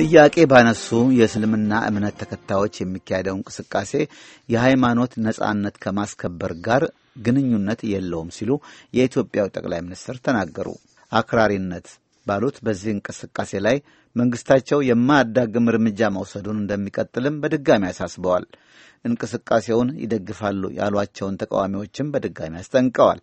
ጥያቄ ባነሱ የእስልምና እምነት ተከታዮች የሚካሄደው እንቅስቃሴ የሃይማኖት ነጻነት ከማስከበር ጋር ግንኙነት የለውም ሲሉ የኢትዮጵያው ጠቅላይ ሚኒስትር ተናገሩ። አክራሪነት ባሉት በዚህ እንቅስቃሴ ላይ መንግስታቸው የማያዳግም እርምጃ መውሰዱን እንደሚቀጥልም በድጋሚ አሳስበዋል። እንቅስቃሴውን ይደግፋሉ ያሏቸውን ተቃዋሚዎችም በድጋሚ አስጠንቀዋል።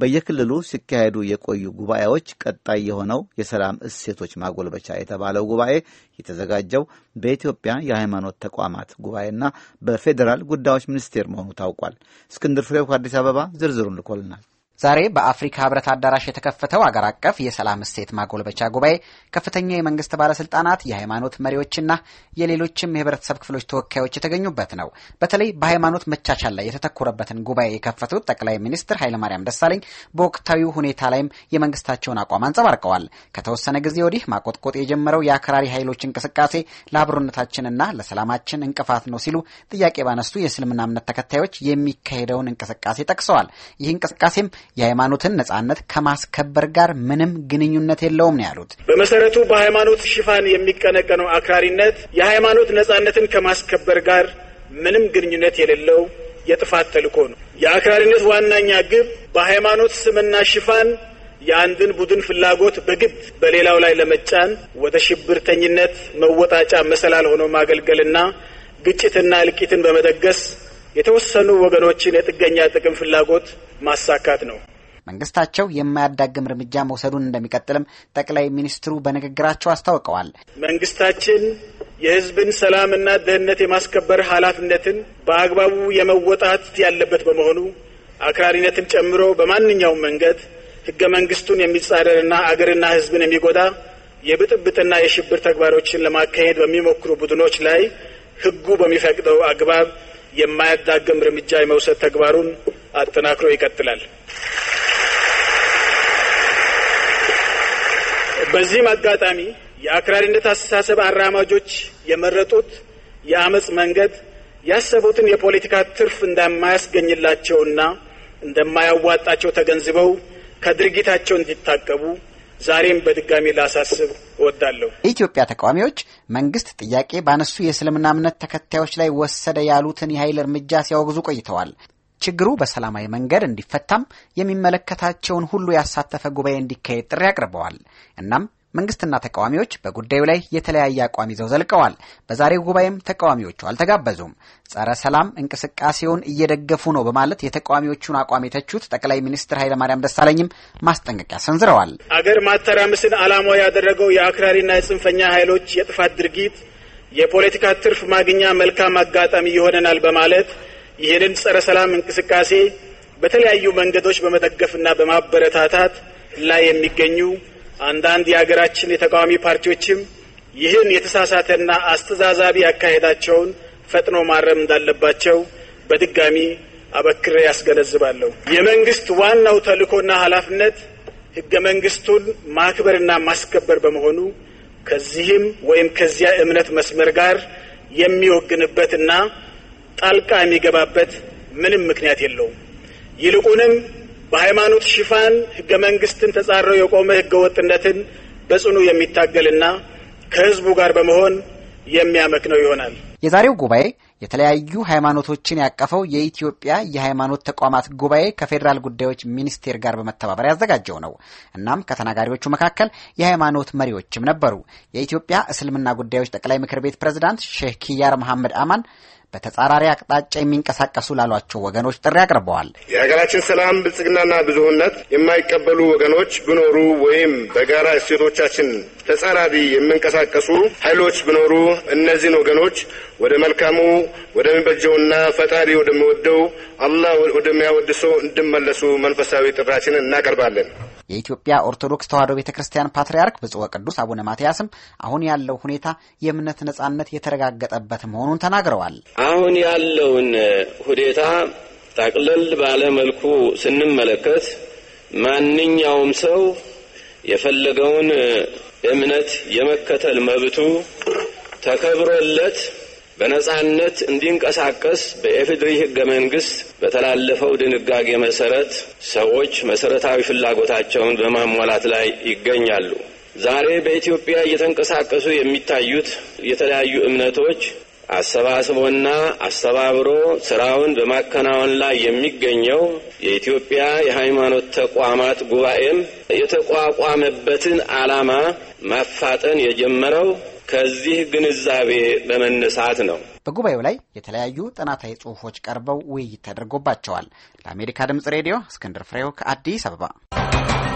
በየክልሉ ሲካሄዱ የቆዩ ጉባኤዎች ቀጣይ የሆነው የሰላም እሴቶች ማጎልበቻ የተባለው ጉባኤ የተዘጋጀው በኢትዮጵያ የሃይማኖት ተቋማት ጉባኤና በፌዴራል ጉዳዮች ሚኒስቴር መሆኑ ታውቋል። እስክንድር ፍሬው ከአዲስ አበባ ዝርዝሩን ልኮልናል። ዛሬ በአፍሪካ ህብረት አዳራሽ የተከፈተው አገር አቀፍ የሰላም እሴት ማጎልበቻ ጉባኤ ከፍተኛ የመንግስት ባለስልጣናት፣ የሃይማኖት መሪዎችና የሌሎችም የህብረተሰብ ክፍሎች ተወካዮች የተገኙበት ነው። በተለይ በሃይማኖት መቻቻል ላይ የተተኮረበትን ጉባኤ የከፈቱት ጠቅላይ ሚኒስትር ኃይለማርያም ደሳለኝ በወቅታዊ ሁኔታ ላይም የመንግስታቸውን አቋም አንጸባርቀዋል። ከተወሰነ ጊዜ ወዲህ ማቆጥቆጥ የጀመረው የአክራሪ ኃይሎች እንቅስቃሴ ለአብሮነታችንና ለሰላማችን እንቅፋት ነው ሲሉ ጥያቄ ባነሱ የእስልምና እምነት ተከታዮች የሚካሄደውን እንቅስቃሴ ጠቅሰዋል። ይህ እንቅስቃሴም የሃይማኖትን ነጻነት ከማስከበር ጋር ምንም ግንኙነት የለውም ነው ያሉት። በመሰረቱ በሃይማኖት ሽፋን የሚቀነቀነው አክራሪነት የሃይማኖት ነጻነትን ከማስከበር ጋር ምንም ግንኙነት የሌለው የጥፋት ተልእኮ ነው። የአክራሪነት ዋናኛ ግብ በሃይማኖት ስምና ሽፋን የአንድን ቡድን ፍላጎት በግድ በሌላው ላይ ለመጫን ወደ ሽብርተኝነት መወጣጫ መሰላል ሆኖ ማገልገልና ግጭትና እልቂትን በመደገስ የተወሰኑ ወገኖችን የጥገኛ ጥቅም ፍላጎት ማሳካት ነው። መንግስታቸው የማያዳግም እርምጃ መውሰዱን እንደሚቀጥልም ጠቅላይ ሚኒስትሩ በንግግራቸው አስታውቀዋል። መንግስታችን የህዝብን ሰላምና ደህንነት የማስከበር ኃላፊነትን በአግባቡ የመወጣት ያለበት በመሆኑ አክራሪነትን ጨምሮ በማንኛውም መንገድ ህገ መንግስቱን የሚጻረርና አገርና ህዝብን የሚጎዳ የብጥብጥና የሽብር ተግባሮችን ለማካሄድ በሚሞክሩ ቡድኖች ላይ ህጉ በሚፈቅደው አግባብ የማያዳግም እርምጃ የመውሰድ ተግባሩን አጠናክሮ ይቀጥላል። በዚህም አጋጣሚ የአክራሪነት አስተሳሰብ አራማጆች የመረጡት የአመፅ መንገድ ያሰቡትን የፖለቲካ ትርፍ እንደማያስገኝላቸውና እንደማያዋጣቸው ተገንዝበው ከድርጊታቸው እንዲታቀቡ ዛሬም በድጋሚ ላሳስብ እወዳለሁ። የኢትዮጵያ ተቃዋሚዎች መንግስት ጥያቄ ባነሱ የእስልምና እምነት ተከታዮች ላይ ወሰደ ያሉትን የኃይል እርምጃ ሲያወግዙ ቆይተዋል። ችግሩ በሰላማዊ መንገድ እንዲፈታም የሚመለከታቸውን ሁሉ ያሳተፈ ጉባኤ እንዲካሄድ ጥሪ አቅርበዋል። እናም መንግስትና ተቃዋሚዎች በጉዳዩ ላይ የተለያየ አቋም ይዘው ዘልቀዋል። በዛሬው ጉባኤም ተቃዋሚዎቹ አልተጋበዙም። ጸረ ሰላም እንቅስቃሴውን እየደገፉ ነው በማለት የተቃዋሚዎቹን አቋም የተቹት ጠቅላይ ሚኒስትር ኃይለማርያም ደሳለኝም ማስጠንቀቂያ ሰንዝረዋል። አገር ማተራመስን ዓላማው ያደረገው የአክራሪና የጽንፈኛ ኃይሎች የጥፋት ድርጊት የፖለቲካ ትርፍ ማግኛ መልካም አጋጣሚ ይሆነናል በማለት ይህንን ጸረ ሰላም እንቅስቃሴ በተለያዩ መንገዶች በመደገፍና በማበረታታት ላይ የሚገኙ አንዳንድ የሀገራችን የተቃዋሚ ፓርቲዎችም ይህን የተሳሳተና አስተዛዛቢ ያካሄዳቸውን ፈጥኖ ማረም እንዳለባቸው በድጋሚ አበክሬ ያስገነዝባለሁ። የመንግስት ዋናው ተልእኮና ኃላፊነት ህገ መንግስቱን ማክበርና ማስከበር በመሆኑ ከዚህም ወይም ከዚያ እምነት መስመር ጋር የሚወግንበትና ጣልቃ የሚገባበት ምንም ምክንያት የለውም። ይልቁንም በሃይማኖት ሽፋን ህገ መንግስትን ተጻረው የቆመ ህገ ወጥነትን በጽኑ የሚታገልና ከህዝቡ ጋር በመሆን የሚያመክነው ይሆናል። የዛሬው ጉባኤ የተለያዩ ሃይማኖቶችን ያቀፈው የኢትዮጵያ የሃይማኖት ተቋማት ጉባኤ ከፌዴራል ጉዳዮች ሚኒስቴር ጋር በመተባበር ያዘጋጀው ነው። እናም ከተናጋሪዎቹ መካከል የሃይማኖት መሪዎችም ነበሩ። የኢትዮጵያ እስልምና ጉዳዮች ጠቅላይ ምክር ቤት ፕሬዝዳንት ሼህ ኪያር መሐመድ አማን በተጻራሪ አቅጣጫ የሚንቀሳቀሱ ላሏቸው ወገኖች ጥሪ አቅርበዋል። የሀገራችን ሰላም ብልጽግናና ብዙህነት የማይቀበሉ ወገኖች ቢኖሩ ወይም በጋራ እሴቶቻችን ተጻራሪ የሚንቀሳቀሱ ኃይሎች ቢኖሩ እነዚህን ወገኖች ወደ መልካሙ ወደሚበጀውና ፈጣሪ ወደሚወደው አላህ ወደሚያወድሰው እንድመለሱ መንፈሳዊ ጥራችንን እናቀርባለን። የኢትዮጵያ ኦርቶዶክስ ተዋሕዶ ቤተ ክርስቲያን ፓትርያርክ ብፁዕ ቅዱስ አቡነ ማትያስም አሁን ያለው ሁኔታ የእምነት ነጻነት የተረጋገጠበት መሆኑን ተናግረዋል። አሁን ያለውን ሁኔታ ጠቅለል ባለ መልኩ ስንመለከት ማንኛውም ሰው የፈለገውን እምነት የመከተል መብቱ ተከብሮለት በነጻነት እንዲንቀሳቀስ በኤፍድሪ ህገ መንግስት በተላለፈው ድንጋጌ መሰረት ሰዎች መሰረታዊ ፍላጎታቸውን በማሟላት ላይ ይገኛሉ። ዛሬ በኢትዮጵያ እየተንቀሳቀሱ የሚታዩት የተለያዩ እምነቶች አሰባስቦና አስተባብሮ ስራውን በማከናወን ላይ የሚገኘው የኢትዮጵያ የሃይማኖት ተቋማት ጉባኤም የተቋቋመበትን ዓላማ ማፋጠን የጀመረው ከዚህ ግንዛቤ በመነሳት ነው። በጉባኤው ላይ የተለያዩ ጥናታዊ ጽሁፎች ቀርበው ውይይት ተደርጎባቸዋል። ለአሜሪካ ድምጽ ሬዲዮ እስክንድር ፍሬው ከአዲስ አበባ